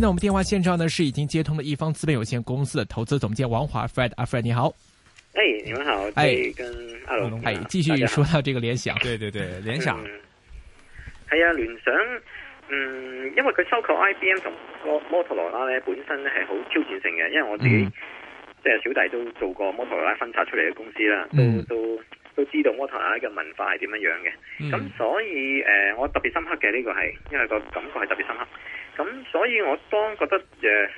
現在我們電話線上呢是已經接通了一方資本有限公司的投資總監王華 Fred a、啊、Fred 你好。哎、hey,，你們好。哎，跟，hello 哎、hey,，繼續說到這個聯想，對對對，聯想。係、嗯、啊，聯想，嗯，因為佢收購 IBM 同個摩托羅拉咧，本身咧係好挑戰性嘅。因為我自己即係、嗯、小弟都做過摩托羅拉分拆出嚟嘅公司啦、嗯，都都。都知道摩托阿嘅文化係點樣樣嘅，咁、嗯、所以誒、呃，我特別深刻嘅呢、這個係，因為個感覺係特別深刻。咁所以我當覺得誒，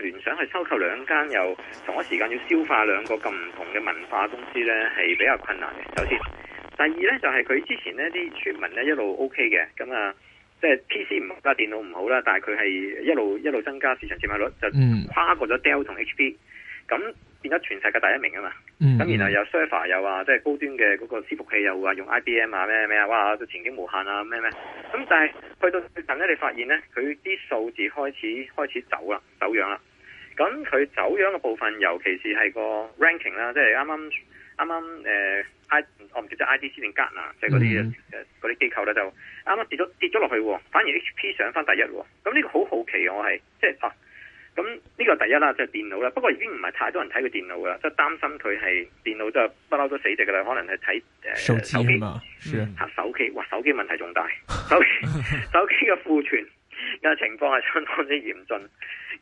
聯、呃、想去收購兩間又同一時間要消化兩個咁唔同嘅文化公司呢係比較困難嘅。首先，第二呢就係、是、佢之前呢啲傳聞呢一路 OK 嘅，咁啊，即係 PC 唔好架，電腦唔好啦，但係佢係一路一路增加市場佔有率，就跨過咗 Dell 同 HP 咁。變咗全世界第一名啊嘛，咁、嗯、然後有 server、嗯、又 server 又話，即係高端嘅嗰個伺服器又話用 IBM 啊咩咩啊，哇都前景無限啊咩咩，咁、嗯、但係去到最近咧，你發現咧，佢啲數字開始開始走啦，走樣啦。咁佢走樣嘅部分，尤其是係個 ranking 啦，即係啱啱啱啱 I 我唔記得 IDC 定 Gartner 即係嗰啲誒啲機構咧，就啱啱跌咗跌咗落去，反而 HP 上翻第一喎。咁、嗯、呢、呢個好好奇我係即係咁呢個第一啦，就係、是、電腦啦。不過已經唔係太多人睇佢電腦啦，即係擔心佢係電腦都係不嬲都死隻噶啦。可能係睇誒手機，吓手機、啊，哇，手機問題仲大。手機 手機嘅庫存嘅情況係相當之嚴峻。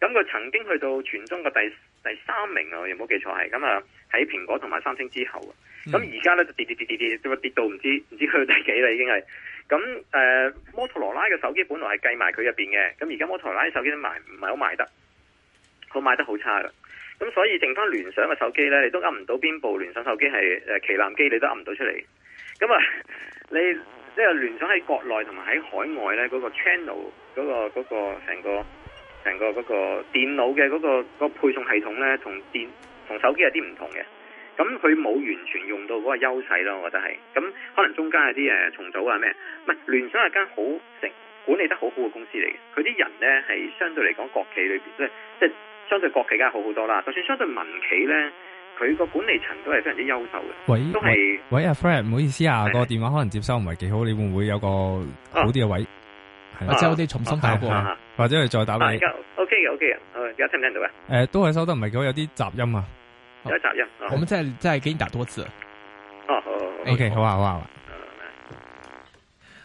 咁佢曾經去到全中國第第三名啊，有冇冇記錯係。咁啊喺蘋果同埋三星之後啊，咁而家咧就跌跌跌跌跌，跌到唔知唔知佢到第幾啦，已經係。咁誒、呃、摩托羅拉嘅手機本來係計埋佢入邊嘅，咁而家摩托羅拉嘅手機都賣唔係好賣得。佢賣得好差嘅，咁所以剩翻聯想嘅手機呢，你都揞唔到邊部聯想手機係誒旗艦機，你都揞唔到出嚟。咁啊，你即係聯想喺國內同埋喺海外呢，嗰個 channel 嗰個嗰個成個成個嗰個電腦嘅嗰個個配送系統呢，同電同手機同有啲唔同嘅。咁佢冇完全用到嗰個優勢咯，我覺得係。咁可能中間有啲重組啊咩？唔係聯想係間好成管理得好好嘅公司嚟嘅，佢啲人呢，係相對嚟講國企裏邊即相對國企梗係好好多啦，就算相對民企咧，佢個管理層都係非常之優秀嘅，都係。喂啊 Fred，唔好意思啊，那個電話可能接收唔係幾好，你會唔會有個好啲嘅位、啊啊啊啊？或者我啲重新打過，或者係再打俾你 O K O K，而家聽唔聽到啊？誒、呃，都係收得唔係幾好，有啲雜音啊。有雜音。啊、我們真係真係給你打多次。哦 O K，好好，好, okay, 好啊。好啊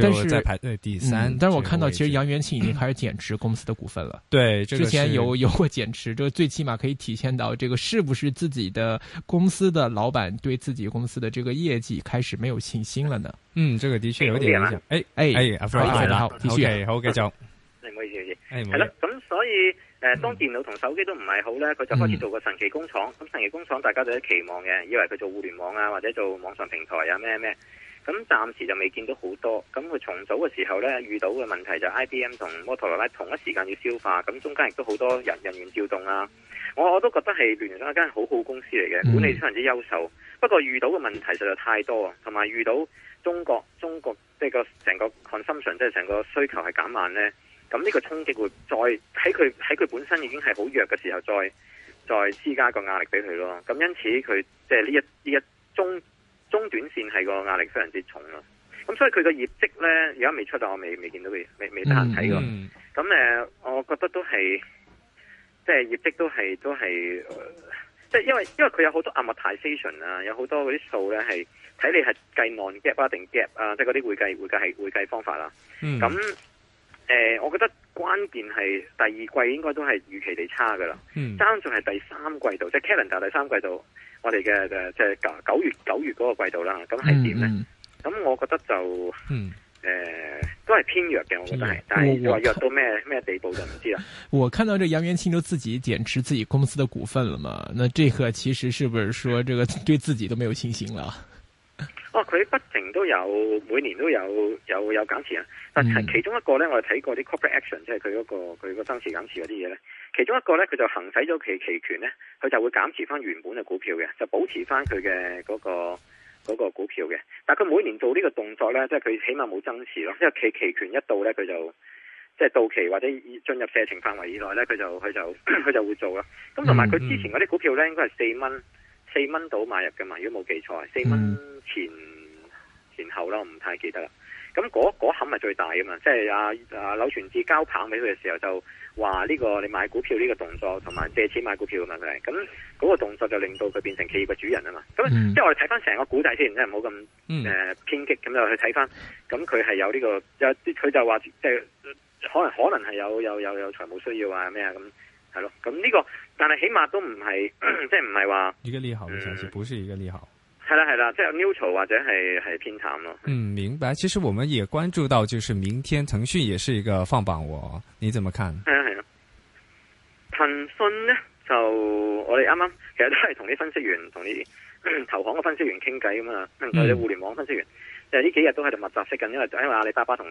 但是在排隊第三，嗯，但是我看到其實楊元慶已經開始減持公司的股份了。對，這個，之前有有過減持，這最起碼可以體現到這個是不是自己的公司的老闆對自己公司的這個業績開始沒有信心了呢？嗯，這個的確有點影響。哎哎哎，非常熱鬧，阿 Fred，好繼續。哎，唔好意思，唔好意思。係、嗯、啦，咁所以誒，當電腦同手機都唔係好咧，佢就開始做個神奇工廠。咁神奇工廠，大家都喺期望嘅，以為佢做互聯網啊，或者做網上平台啊，咩咩。咁暫時就未見到好多，咁佢重組嘅時候呢，遇到嘅問題就 IBM 同摩托羅拉同一時間要消化，咁中間亦都好多人人員調動啦、啊。我我都覺得係聯想一間好好公司嚟嘅，管理非常之優秀。不過遇到嘅問題實在太多啊，同埋遇到中國中國即係個成個 consumption 即係成個需求係減慢呢。咁呢個衝擊會再喺佢喺佢本身已經係好弱嘅時候，再再施加個壓力俾佢咯。咁因此佢即係呢一呢一中。中短線係個壓力非常之重咯、啊，咁、嗯、所以佢個業績咧而家未出啊，我未未見到佢，未未得閒睇過。咁、mm-hmm. 誒、嗯，我覺得都係，即係業績都係都係、呃，即係因為因為佢有好多 amortisation 啊，有好多嗰啲數咧係睇你係計 non-GAAP 啊定 GAAP 啊，即係嗰啲會計會計係會計方法啦。咁、mm-hmm. 誒、嗯呃，我覺得關鍵係第二季應該都係預期地差噶啦，爭仲係第三季度，即、就、係、是、calendar 第三季度。我哋嘅即係九九月九月嗰個季度啦，咁係點咧？咁、嗯、我覺得就誒、嗯呃、都係偏弱嘅，我覺得係，但係弱弱到咩咩地步就唔知啦。我看到這楊元慶都自己減持自己公司的股份了嘛？那這個其實是不是說這個對自己都沒有信心了？哦，佢不停都有，每年都有有有減持啊！但係其中一個咧，我哋睇過啲 corporate action，即係佢嗰個佢個增持減持嗰啲嘢咧。其中一個咧，佢就行使咗其期權咧，佢就會減持翻原本嘅股票嘅，就保持翻佢嘅嗰個嗰個股票嘅。但係佢每年做呢個動作咧，即係佢起碼冇增持咯，因為其期權一到咧，佢就即係到期或者進入射程範圍以內咧，佢就佢就佢就，就會做咯。咁同埋佢之前嗰啲股票咧，應該係四蚊。四蚊到買入嘅嘛，如果冇記錯，四蚊前、嗯、前後啦，唔太記得啦。咁嗰嗰坎係最大嘅嘛，即係阿阿柳傳志交棒俾佢嘅時候就說、這個，就話呢個你買股票呢個動作，同埋借錢買股票嘅問題，咁嗰個動作就令到佢變成企業嘅主人啊嘛。咁、嗯、即係我哋睇翻成個故仔先，即係冇咁誒偏激，咁、這個、就去睇翻，咁佢係有呢個有，佢就話即係可能可能係有有有有財務需要啊咩啊咁係咯，咁呢、這個。但係起碼都唔係，即係唔係話一個利好嘅消息，不是一個利好，係啦係啦，即係、就是、neutral 或者係係偏淡咯。嗯，明白。其實我們也關注到，就是明天騰訊也是一個放榜我，我你怎麼看？係啊係啊，騰訊咧就我哋啱啱其實都係同啲分析員、同啲投行嘅分析員傾偈咁啊。係、嗯、我哋互聯網分析員就呢幾日都喺度密集式緊，因為因為阿里巴巴同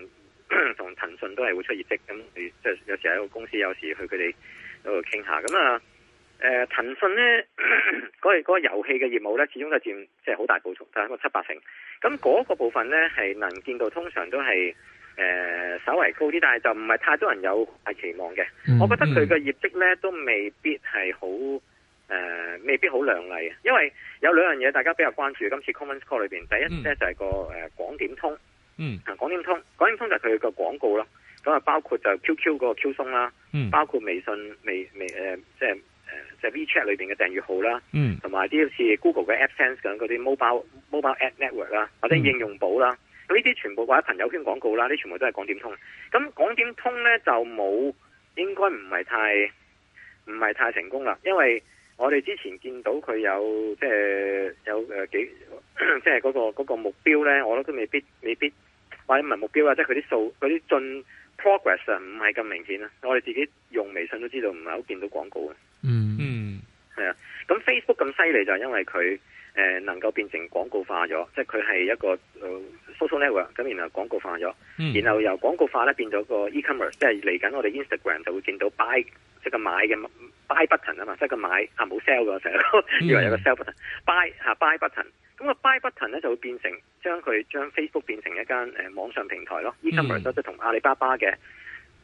同騰訊都係會出業績，咁即係有時喺個公司，有時去佢哋度傾下咁啊。誒、呃，騰訊咧嗰、那個個遊戲嘅業務咧，始終就佔即係好大部分，就係一個七八成。咁嗰個部分咧，係能見到通常都係誒、呃、稍微高啲，但係就唔係太多人有係期望嘅、嗯。我覺得佢嘅業績咧都未必係好誒，未必好亮麗嘅。因為有兩樣嘢大家比較關注今次 conference call 裏邊，第一咧、嗯、就係、是、個誒廣、呃、點通，嗯，廣點通，廣點通就係佢個廣告啦。咁啊，包括就 QQ Q Q 嗰個 Q 松啦，嗯，包括微信微微誒，即係。即就 WeChat、是、裏邊嘅訂閱號啦，同埋啲好似 Google 嘅 App Sense 咁嗰啲 mobile mobile ad network 啦，或者應用寶啦，咁呢啲全部掛喺朋友圈廣告啦，呢全部都係廣點通。咁廣點通咧就冇，應該唔係太唔係太成功啦，因為我哋之前見到佢有即係、即係、有誒、呃、幾，即係嗰個、嗰個目標咧，我諗都未必未必或者唔係目標啊，即係佢啲數佢啲進。Progress 唔係咁明顯啦，我哋自己用微信都知道唔係好見到廣告，mm-hmm. 啊。嗯，係啊，咁 Facebook 咁犀利就係因為佢誒、呃、能夠變成廣告化咗，即係佢係一個、呃、social network，咁然後廣告化咗，mm-hmm. 然後由廣告化咧變咗個 e-commerce，即係嚟緊我哋 Instagram 就會見到 buy 即係個買嘅 buy button 啊嘛，即係個買啊冇 sell 嘅，成日以為有個 sell button，buy，mm-hmm. 吓、啊、buy button。咁、那個 Buy Button 咧就會變成將佢將 Facebook 變成一間誒、呃、網上平台咯 e-commerce 即係同阿里巴巴嘅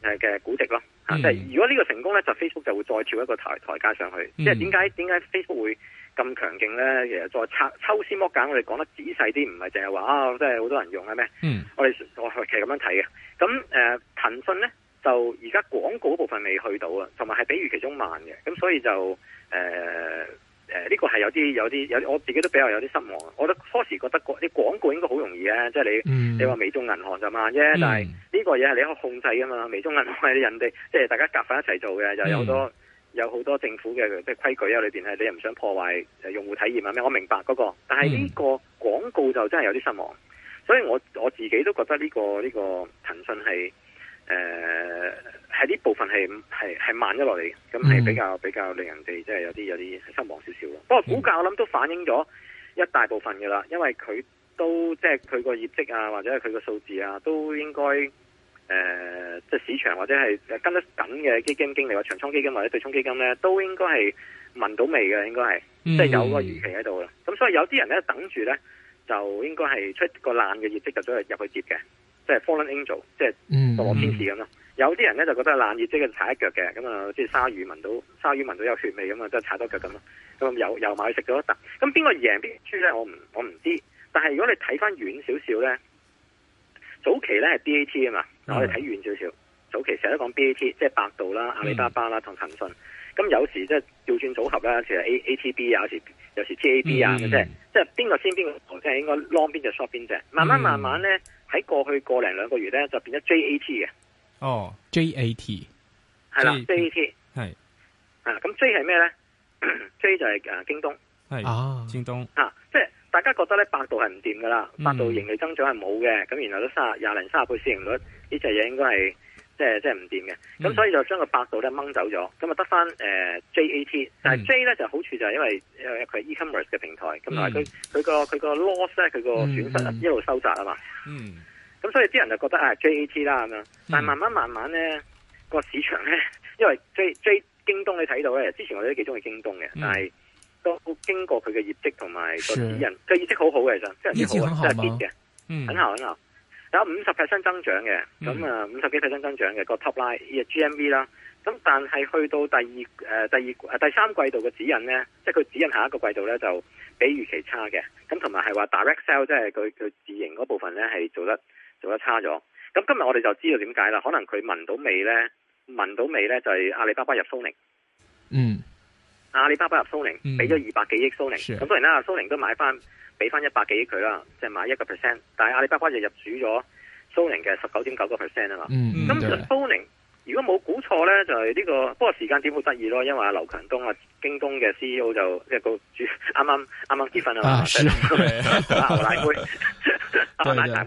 誒嘅估值咯、嗯、即係如果呢個成功咧，就 Facebook 就會再跳一個台台階上去。嗯、即係點解點解 Facebook 會咁強勁咧？其實再拆抽絲剝繭，我哋講得仔細啲，唔係淨係話啊，即係好多人用啊咩？嗯，我哋我其實咁樣睇嘅。咁誒、呃、騰訊咧就而家廣告部分未去到啊，同埋係比預期中慢嘅。咁所以就誒。呃誒、這個，呢個係有啲有啲有啲，我自己都比較有啲失望。我初時覺得你啲廣告應該好容易啊，即係你、嗯、你話微眾銀行咋嘛啫，但係呢個嘢係你可以控制噶嘛？微眾銀行係人哋，即係大家夾返一齊做嘅，又有好多有好多政府嘅即係規矩啊裏邊係你又唔想破壞用戶體驗啊咩？我明白嗰、那個，但係呢個廣告就真係有啲失望，所以我我自己都覺得呢、這個呢、這個騰訊係。誒、呃，係呢部分係係係慢咗落嚟嘅，咁、嗯、係比較比較令人哋即係有啲有啲失望少少咯。不過股價我諗都反映咗一大部分噶啦、嗯，因為佢都即係佢個業績啊，或者係佢個數字啊，都應該誒，即、呃、係、就是、市場或者係跟得緊嘅基金經理或者長倉基金或者對沖基金咧，都應該係聞到味嘅，應該係即係有個預期喺度啦。咁、嗯、所以有啲人咧等住咧就應該係出個爛嘅業績就都係入去接嘅。即係 Fallen Angel，即係墮落天使咁咯、嗯嗯。有啲人咧就覺得冷熱即係踩一腳嘅，咁、嗯、啊即係鯊魚聞到鯊魚聞到有血味咁啊，即係踩多腳咁咯。咁、嗯、又又買去食咗一啖。咁邊個贏邊個輸咧？我唔我唔知道。但係如果你睇翻遠少少咧，早期咧係 BAT 啊嘛。我哋睇遠少少、嗯，早期成日都講 BAT，即係百度啦、阿里巴巴啦同騰訊。嗯。咁有時即係調轉組合啦，有時 A T B 啊，有時有時 J A B 啊嘅即係邊個先邊個頭先應應該 long 邊隻 short 邊隻，慢慢慢慢咧喺、嗯、過去過零兩個月咧就變咗 J A T 嘅。哦 J-A-T, J-A-T, J-A-T，J A T 係啦，J A T 係啊，咁 J 係咩咧？J 就係誒京東係啊，京東、啊東啊、即係大家覺得咧百度係唔掂噶啦，百度盈利增長係冇嘅，咁、嗯、然後都卅廿零卅倍市盈率呢隻嘢應該係。即係即係唔掂嘅，咁、嗯、所以就將個百度咧掹走咗，咁啊得返誒 JAT，但係 J 咧、嗯、就好處就係因為因為佢係 e-commerce 嘅平台，咁同埋佢佢個佢個 loss 咧佢個損失一路收窄啊嘛，咁、嗯嗯、所以啲人就覺得啊、哎、JAT 啦咁樣，嗯、但係慢慢慢慢咧、個市場咧，因為 J J, J 京東你睇到咧，之前我哋都幾中意京東嘅、嗯，但係都經過佢嘅業績同埋個指引，佢業績好其實人好嘅，真業績很好即嗎？嗯，很好，很好。有五十 percent 增長嘅，咁啊五十幾 percent 增長嘅個 top line GMV 啦。咁但係去到第二誒、呃、第二誒第三季度嘅指引咧，即係佢指引下一個季度咧就比預期差嘅。咁同埋係話 direct sell 即係佢佢自營嗰部分咧係做得做得差咗。咁今日我哋就知道點解啦，可能佢聞到味咧，聞到味咧就係、是、阿里巴巴入蘇寧。嗯。阿里巴巴入蘇寧、嗯，俾咗二百幾億蘇寧，咁當然啦，蘇寧都買翻，俾翻一百幾億佢啦，即、就、係、是、買一個 percent。但係阿里巴巴就入主咗蘇寧嘅十九點九個 percent 啊嘛。咁蘇寧如果冇估錯咧，就係、是、呢、這個，不過時間點好得意咯，因為阿劉強東啊，京東嘅 CEO 就一、就是、個主，啱啱啱啱結婚啊嘛。啊，我拿杯，我 拿奶，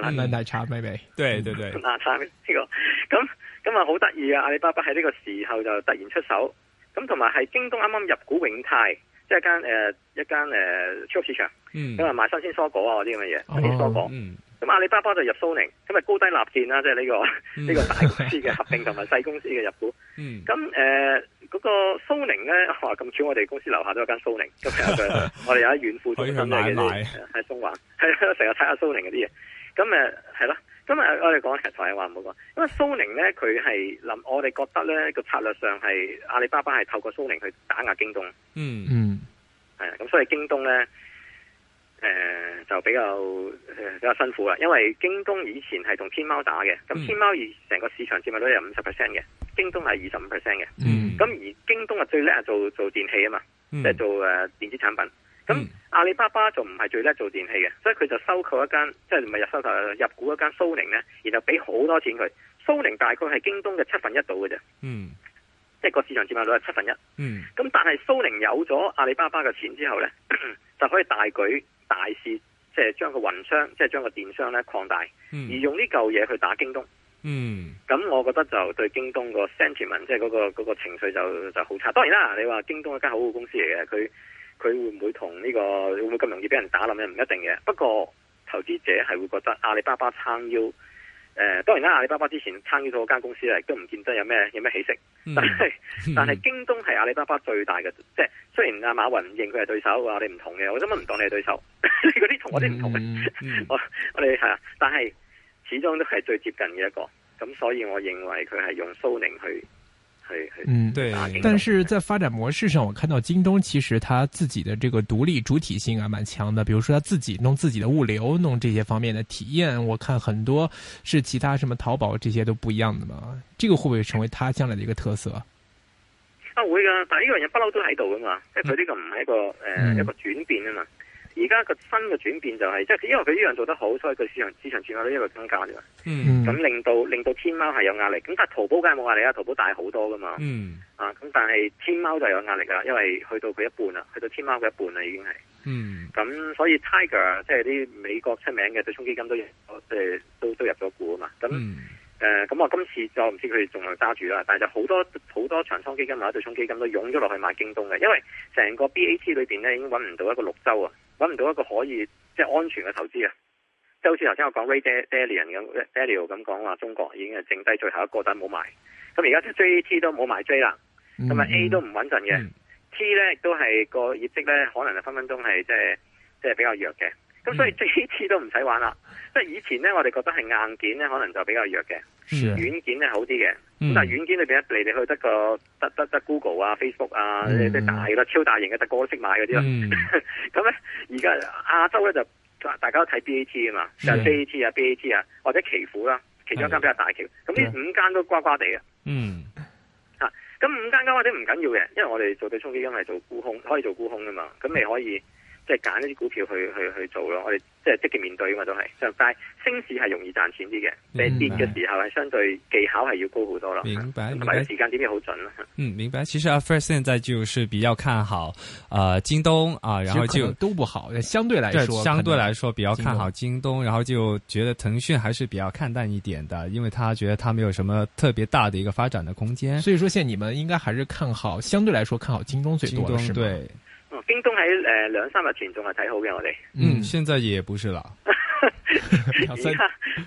奶，奶，奶茶杯，奶茶妹妹，對對對，奶茶呢、這個，咁咁啊好得意啊！阿里巴巴喺呢個時候就突然出手。咁同埋係京東啱啱入股永泰，即係間誒一間誒超級市場，咁啊賣新鮮蔬果啊嗰啲咁嘅嘢，新鮮蔬果。咁、哦嗯、阿里巴巴就入蘇寧，咁、就、啊、是、高低立見啦，即係呢個呢、嗯這個大公司嘅合併同埋細公司嘅入股。咁誒嗰個蘇寧咧，吓咁住我哋公司樓下都有間蘇寧，咁、嗯、啊我哋有一遠付做緊買啲嘢，喺中環，喺成日睇下蘇寧嗰啲嘢。咁誒係咯。咁啊，我哋講題材嘅話唔好講，因為蘇寧咧佢係諗，我哋覺得咧個策略上係阿里巴巴係透過蘇寧去打壓京東。嗯、mm-hmm. 嗯，係咁，所以京東咧，誒、呃、就比較、呃、比較辛苦啦。因為京東以前係同天貓打嘅，咁天貓以成個市場佔有五十 percent 嘅，京東係二十五 percent 嘅。嗯，咁而京東啊最叻啊做做電器啊嘛，即係做誒電子產品。咁、嗯、阿里巴巴就唔係最叻做電器嘅，所以佢就收購一間，即係唔係收購入股一間蘇寧呢，然後俾好多錢佢。蘇寧大概係京東嘅七分一度嘅啫，嗯，即係個市場佔有率係七分一，嗯。咁但係蘇寧有咗阿里巴巴嘅錢之後呢， 就可以大舉大肆即係將個雲商，即係將個電商呢擴大，嗯，而用呢嚿嘢去打京東，嗯。咁我覺得就對京東個 sentiment，嗰個 sentiment，即係嗰個情緒就就好差。當然啦，你話京東一間好好公司嚟嘅，佢。佢會唔會同呢、呢個會唔會咁容易俾人打冧咧？唔一定嘅。不過投資者係會覺得阿里巴巴撐腰。誒、呃，當然啦，阿里巴巴之前撐腰到間公司咧，都唔見得有咩有咩起色。嗯、但係、嗯、但係，京東係阿里巴巴最大嘅，即係雖然阿馬雲唔認佢係對手啊，話我哋唔同嘅，我根本唔當你係對手。你嗰啲同我啲唔同嘅。我、嗯 的嗯、 我哋係，但係始終都係最接近嘅一個。咁所以，我認為佢係用蘇寧去。嗯，對。但是在發展模式上，我看到京東其實它自己的這個獨立主體性啊，蠻強的。比如說，它自己弄自己的物流，弄這些方面的體驗，我看很多是其他什麼淘寶這些都不一樣的嘛。這個會不會成為它將來的一個特色？啊，會㗎，但呢樣嘢不嬲都喺度㗎嘛，即係佢呢個唔係一個誒、呃嗯、一個轉變啊嘛。而家個新嘅轉變就係、是，即係因為佢呢樣做得好，所以佢市，市場市場轉化到一路增加嘅。咁、嗯、令到令到天貓係有壓力，咁但係淘寶梗係冇壓力啊！淘寶大好多㗎嘛、嗯。啊，咁但係天貓就有壓力啦，因為去到佢一半啦，去到天貓嘅一半啦已經係。咁、嗯、所以 Tiger 即係啲美國出名嘅對沖基金都入，誒、呃、都都入咗股啊嘛。咁誒，咁、嗯呃、我今次就唔知佢仲有揸住啦，但係就好多好多長倉基金或者對沖基金都湧咗落去買京東嘅，因為成個 BAT 裏邊咧已經揾唔到一個綠洲啊！搵唔到一個可以即係安全嘅投資啊！即係好似頭先我講 Ray Dalio 咁，Dalio 咁講話中國已經係剩低最後一個，但冇埋。咁而家即係 J、mm-hmm. mm-hmm. T 都冇埋 J 啦，咁啊 A 都唔穩陣嘅，T 咧亦都係個業績咧可能就分分鐘係即係即係比較弱嘅。咁、mm-hmm. 所以 J、T 都唔使玩啦。即係以前咧，我哋覺得係硬件咧，可能就比較弱嘅。軟、yeah. 件咧好啲嘅，咁、mm. 但係軟件裏邊嚟你去得個得得得 Google 啊、Facebook 啊，你、mm. 啲大咯，超大型嘅得個識買嗰啲咯。咁咧而家亞洲咧就大家都睇 BAT 啊嘛，yeah. 就 BAT 啊、BAT 啊或者奇虎啦、啊，其中一間比較大條。咁呢五間都瓜瓜地嘅。嗯、mm. 啊，吓咁五間間或者唔緊要嘅，因為我哋做對沖基金係做沽空，可以做沽空噶嘛，咁你可以。即係揀呢啲股票去去去做咯，我哋即係積極面對嘛咁啊都係。就但係升市係容易賺錢啲嘅，你跌嘅時候係相對技巧係要高好多咯。明白，買、啊、時間點又好準、啊、嗯，明白。其實阿、啊、Fred，現在就是比較看好啊、呃、京東啊，然後就都不好。相對來說，相對來說，來說比較看好京東，京東，然後就覺得騰訊還是比較看淡一點的，因為他覺得他沒有什麼特別大的一個發展的空間。所以說，現在你們應該還是看好，相對來說看好京東最多的是，是對京東喺誒、呃、兩三日前仲係睇好嘅我哋，嗯，現在也不是啦，而家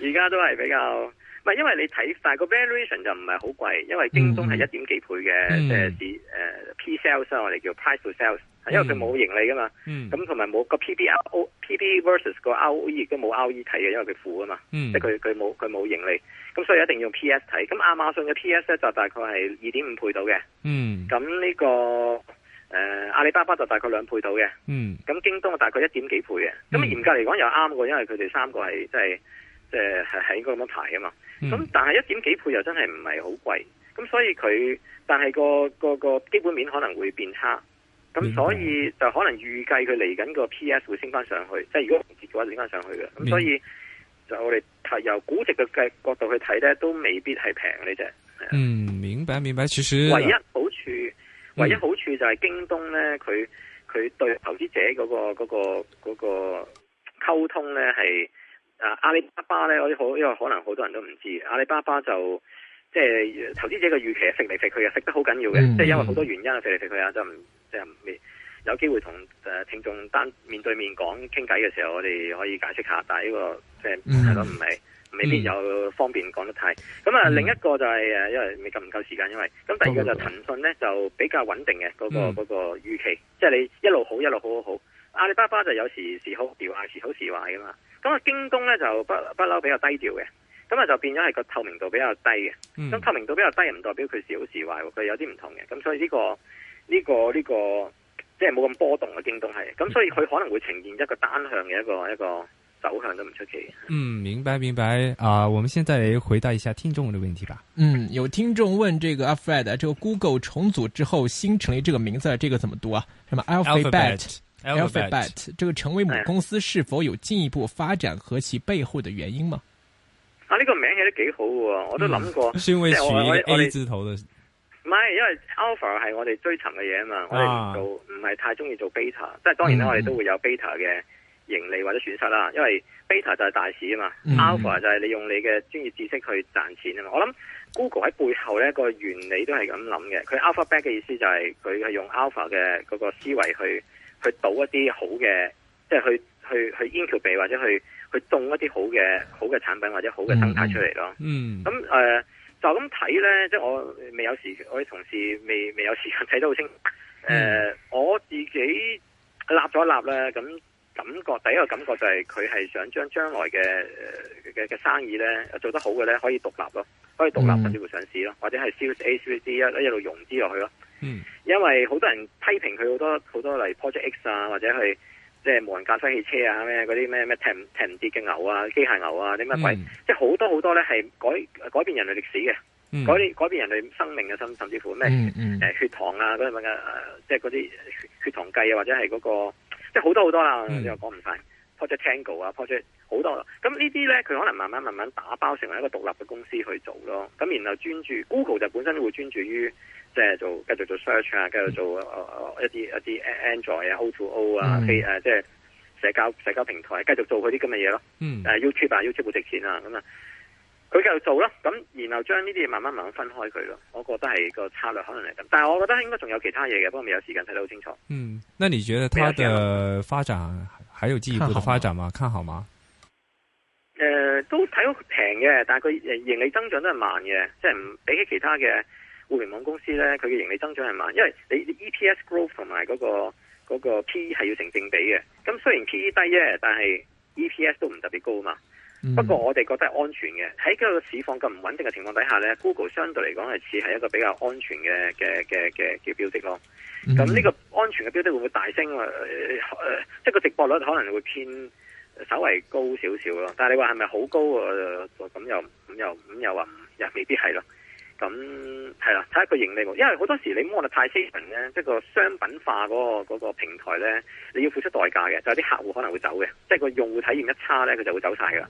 而家都係比較，唔係，因為你睇但係個 valuation 就唔係好貴，因為京東係一點幾倍嘅，即、嗯、係指、呃、誒、嗯、P sales 我哋叫 price to sales，因、嗯、為佢冇盈利噶嘛，咁同埋冇個 P B R P B versus 個 R O E 亦都冇 R O E 睇嘅，因為佢負啊嘛，嗯嗯 P-P 嘛嗯、即係佢佢冇佢冇盈利，咁所以一定要用 P S 睇，咁亞馬遜嘅 P S 咧就大概係二點五倍到嘅，嗯，咁呢、這個。誒、呃，阿里巴巴就大概兩倍到嘅，咁、嗯、京東大概一點幾倍嘅，咁、嗯、嚴格嚟講又啱嘅，因為佢哋三個係即係即係係應該咁樣排啊嘛，咁、嗯、但係一點幾倍又真係唔係好貴，咁所以佢但係個個個,個基本面可能會變差，咁所以就可能預計佢嚟緊個 P/S 會升翻上去，即係如果唔跌嘅話就升翻上去嘅，咁所以就我哋由估值嘅角度去睇咧，都未必係平呢啫。嗯，明白明白，其實唯一好處。唯一好處就係京東咧，佢佢對投資者嗰、那個嗰、那個嗰、那個、溝通咧係啊，阿里巴巴咧，我哋可因為可能好多人都唔知阿里巴巴就即係、就是、投資者嘅預期迫迫，食嚟食去嘅，食得好緊要嘅，即、就、係、是、因為好多原因啊，食嚟食去啊，就唔即係未有機會同誒聽眾單面對面講傾偈嘅時候，我哋可以解釋下，但呢、這個即係唔係。就是呢邊又方便講得太咁啊、嗯！另一個就係、是、誒，因為未夠唔夠時間，因為咁第二個就騰訊咧就比較穩定嘅嗰、那個嗰、嗯那個、預期，即、就、係、是、你一路好一路好好好。阿里巴巴就有時時好時壞，時好時壞噶嘛。咁啊，京東咧就不不嬲比較低調嘅，咁啊就變咗係個透明度比較低嘅。咁、嗯、透明度比較低，唔代表佢時好時壞，佢有啲唔同嘅。咁所以呢、這個呢、這個呢、這個即係冇咁波動嘅京東係。咁所以佢可能會呈現一個單向嘅一個一個。一個走向都唔出奇。嗯，明白明白啊！我們現在回答一下聽眾的問題吧。嗯，有聽眾問：這個 Alfred、啊、這個 Google 重組之後新成立這個名字、啊，這個怎麼讀啊？什麼 Alphabet？Alphabet。這個成為母公司是否有進一步發展和其背後的原因嗎？啊，呢、這個名起得幾好嘅，我都諗過。是因為取 A 字頭的。唔、呃、係，因為 Alpha 係我哋追尋嘅嘢啊嘛，我哋做唔係、啊、太中意做 Beta，即係當然啦、嗯，我、嗯、哋都會有 Beta 嘅。盈利或者損失啦，因為 beta 就係大市啊嘛、mm-hmm.，alpha 就係你用你嘅專業知識去賺錢啊嘛。我諗 Google 喺背後咧個原理都係咁諗嘅。佢 alphabet 嘅意思就係佢係用 alpha 嘅嗰個思維去去賭一啲好嘅，即係去去去 incubate 或者去去動一啲好嘅好嘅產品或者好嘅生態出嚟咯。嗯、mm-hmm.，咁、呃、誒就咁睇咧，即係我未有時我啲同事未未有時間睇得好清。誒、呃，mm-hmm. 我自己立咗一立呢。咁。感覺，第一個感覺就係佢係想將將，將來嘅嘅嘅生意咧做得好嘅咧可以獨立咯，可以獨立，以獨立，mm. 甚至乎上市咯，或者係 Series A、Series B 一一路融資落去咯。嗯，因為好多人批評佢好多好多嚟 Project X 啊，或者係即係無人駕駛汽車啊，咩嗰啲咩咩停停唔跌嘅牛啊，機械牛啊啲乜鬼，mm. 即係好多好多咧係改改變人類歷史嘅，改、mm. 改變人類生命嘅，甚甚至乎咩、mm. 呃、血糖啊嗰啲啊，即係嗰啲血糖計啊，或者係嗰、嗰個。即好多好多啦、嗯，又講唔晒。Project Tango 啊 Project 好多喇。咁呢啲咧，佢可能慢慢慢慢打包成為一個獨立嘅公司去做咯。咁然後專注，Google 就本身會專注於即係做，繼續做 search 啊，繼續做、呃、一啲一啲 Android 啊，O to O 啊，即係社交社交平台，繼續做佢啲咁嘅嘢咯。嗯、啊 YouTube 啊，YouTube 會值錢啊，咁啊。就做啦，咁然後將呢啲嘢慢慢慢慢分開佢咯。我覺得係個策略可能係咁，但係我覺得應該仲有其他嘢嘅，不過未有時間睇得好清楚。嗯，那你覺得它嘅發，發展還有進一步嘅發展嗎？看好嗎？誒、呃，都睇到平嘅，但係佢盈利增長都係慢嘅，即係唔比起其他嘅互聯網公司咧，佢嘅盈利增長係慢，因為你 E P S growth 同埋嗰個嗰、嗰個 P E 係要成正比嘅。咁雖然 P E 低啫，但係 E P S 都唔特別高嘛。不過我哋覺得係安全嘅，喺個市況咁唔穩定嘅情況底下呢，Google 相對嚟講係似係一個比較安全嘅嘅嘅嘅嘅標的叫叫咯。咁呢個安全嘅標的會唔會大升？即係個直播率可能會偏稍為高少少咯。但係你話係咪好高？咁又咁又咁又話又，又，又，又未必係咯。咁係啦，睇下個盈利，因為好多時你摸得太接近即係個商品化嗰、嗰個、嗰個平台呢，你要付出代價嘅，就係、係、啲客戶可能會走嘅，即係個用戶體驗一差呢，佢就會走晒噶。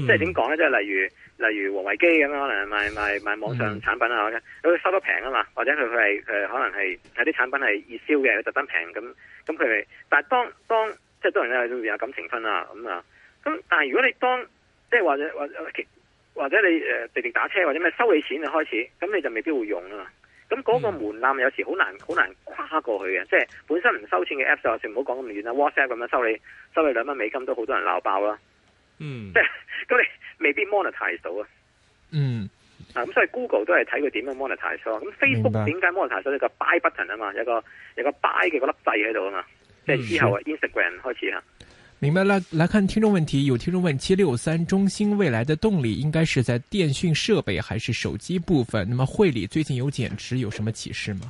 即係點講咧？即係例如，例如王維基咁樣，可能賣賣賣，賣網上產品啊，佢、嗯、收得平啊嘛，或者佢佢係誒，是可能係有啲產品係熱銷嘅，佢特登平咁咁佢，但係當當，當即係當然有感情分啊咁啊。咁但係如果你當即係或者或者或者你誒滴滴打車或者咩收你錢就開始，咁你就未必會用啊嘛。咁嗰個門檻有時好難好難跨過去嘅，即係本身唔收錢嘅 apps 就算唔好講咁遠啦，WhatsApp 咁樣收你收你兩蚊美金都好多人鬧爆啦。嗯，即係咁你未必 monetize 到啊。嗯，啊咁所以 Google 都係睇佢點樣 monetize 咯。咁 Facebook 點解 monetize 到呢個 buy button 啊嘛，有個有個 buy 嘅嗰粒掣喺度啊嘛，即係之後啊 Instagram 開始啊。明白了，來看聽眾問題，有聽眾問：七六三中興未來嘅動力應該是在電訊設備還是手機部分？那麼匯理最近有減持，有什麼啟示嗎？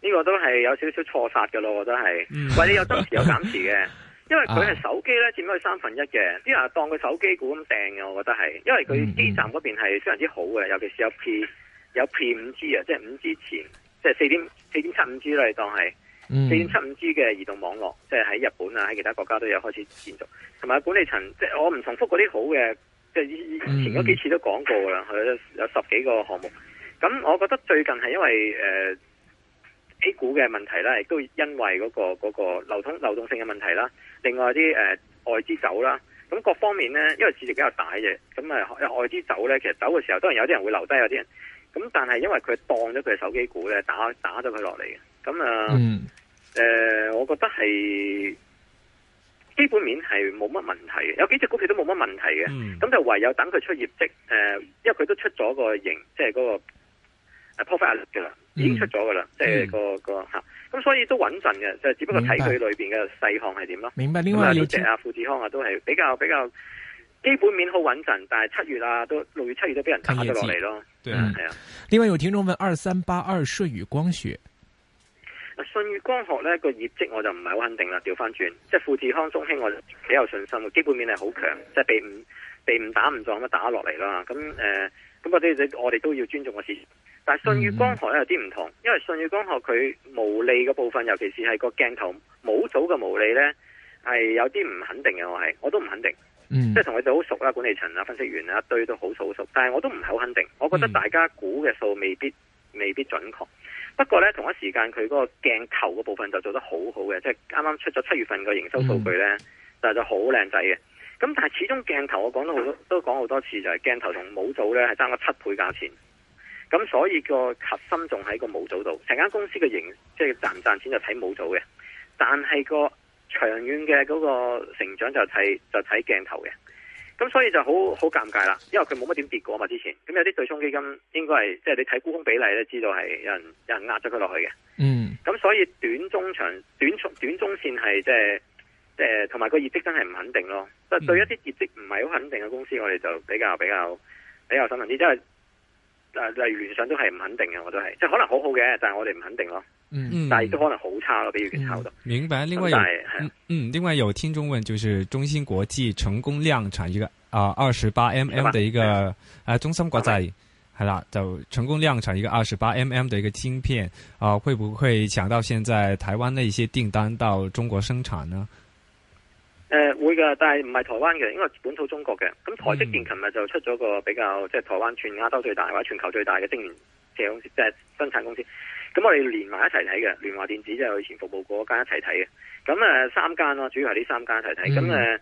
呢、這個都係有少少錯殺噶咯，我都係。或、嗯、者有當時有減持嘅。 因為佢係手機咧佔咗三分一嘅，啲、啊、人當佢手機股咁掟嘅，我覺得係，因為佢基站嗰邊係非常之好嘅、嗯嗯，尤其是有 P 有 P 五 G 啊，即係五 G 前，即係四點四點七五 G 啦。你當係四點七五 G 嘅移動網絡，即係喺日本啊，喺其他國家都有開始建造，同埋管理層，即、就、係、是、我唔重複嗰啲好嘅，即係以前嗰幾次都講過啦，佢、嗯、有十幾個項目，咁我覺得最近係因為誒。呃 A 股嘅問題亦都因為嗰、嗰個、嗰個流通流動性嘅問題啦。另外啲誒、呃、外資走啦，咁各方面呢，因為市值比較大嘅，咁啊外資走呢，其實走嘅時候當然有啲人會留低，有啲人咁，但係因為佢當咗佢手機股呢，打打咗佢落嚟嘅。咁啊誒，我覺得係基本面係冇乜問題嘅，有幾隻股票都冇乜問題嘅。咁、mm. 就唯有等佢出業績誒、呃，因為佢都出咗個型，即係嗰個。係啦，已經出咗噶啦，即、嗯、係、就是那個個吓，咁、嗯啊、所以都穩陣嘅，就只不過睇佢裡邊嘅細項係點咯。明白，另外呢隻、嗯、啊富士康啊都係比較比較基本面好穩陣，但係七月啊都六月七月都俾人打咗落嚟咯。係、嗯、啊。另外有聽眾問：二三八二，舜宇光學。嗱，舜宇光學咧個業績我就唔係好肯定啦，調翻轉，即、就、係、是、富士康、中興，我就幾有信心嘅，基本面係好強，即、就、係、是、被誤被誤打誤撞咁打落嚟啦。咁、呃、誒，咁我哋我哋都要尊重個事實。但係信譽光學咧有啲唔同，因為信譽光學佢毛利嘅部分，尤其是係個鏡頭模組嘅毛利咧，係有啲唔肯定嘅，我係我都唔肯定，嗯、即係同佢哋好熟啦，管理層啦、分析員啦一堆都好熟好熟，但係我都唔係好肯定，我覺得大家估嘅數未必、嗯、未必準確。不過咧，同一時間佢嗰個鏡頭嘅部分就做得好好嘅，即係啱啱出咗七月份嘅營收數據咧，嗯、但就就好靚仔嘅。咁但係始終鏡頭我講都好都講好多次，就係、是、鏡頭同模組咧係爭咗七倍價錢。咁所以個核心仲喺個模組度，成間公司嘅盈即係賺唔賺錢就睇模組嘅。但係個長遠嘅嗰個成長就睇就睇鏡頭嘅。咁所以就好好尷尬啦，因為佢冇乜點結果嘛之前嘛。咁有啲對沖基金應該係即係你睇沽空比例咧，知道係有人有人壓咗佢落去嘅。嗯。咁所以短中長短中短中線係即係即係同埋個業績真係唔肯定咯。即、嗯、對一啲業績唔係好肯定嘅公司，我哋就比較比較比較慎慎啲，即係。誒、呃，例如聯想都係唔肯定嘅，我都係，即係可能好好嘅，但係我哋唔肯定咯。嗯，但係都可能好差咯，比如佢抄到。明白，另外有，嗯，另外有聽眾問，就係中芯國際成功量產一個啊二十八 mm 嘅一個啊，中芯國際係啦，就成功量產一個二十八 mm 嘅一個芯片啊、呃，會唔會搶到現在台灣嘅一些訂單到中國生產呢？誒、呃，會噶，但係唔係台灣嘅，因為本土中國嘅。咁台積電琴日就出咗個比較，即係台灣全亞洲最大或者全球最大嘅晶圓公司，即係生產公司。咁我哋連埋一齊睇嘅，聯華電子即係我以前服務過嗰一間一齊睇嘅。咁誒，三間咯，主要係呢三間一齊睇。咁、嗯、誒，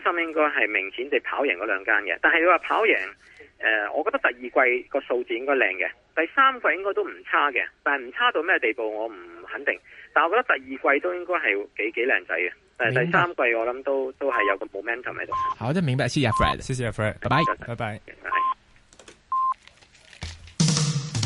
中芯應該係明顯地跑贏嗰兩間嘅。但係你話跑贏，誒、呃，我覺得第二季個數字應該靚嘅，第三季應該都唔差嘅，但係唔差到咩地步，我唔肯定。但係我覺得第二季都應該係幾幾靚仔嘅。誒，第三季我諗都都係有個 momentum 喺度。好的，明白，謝謝 Fred，謝謝 Fred，拜拜，拜拜。拜拜拜拜。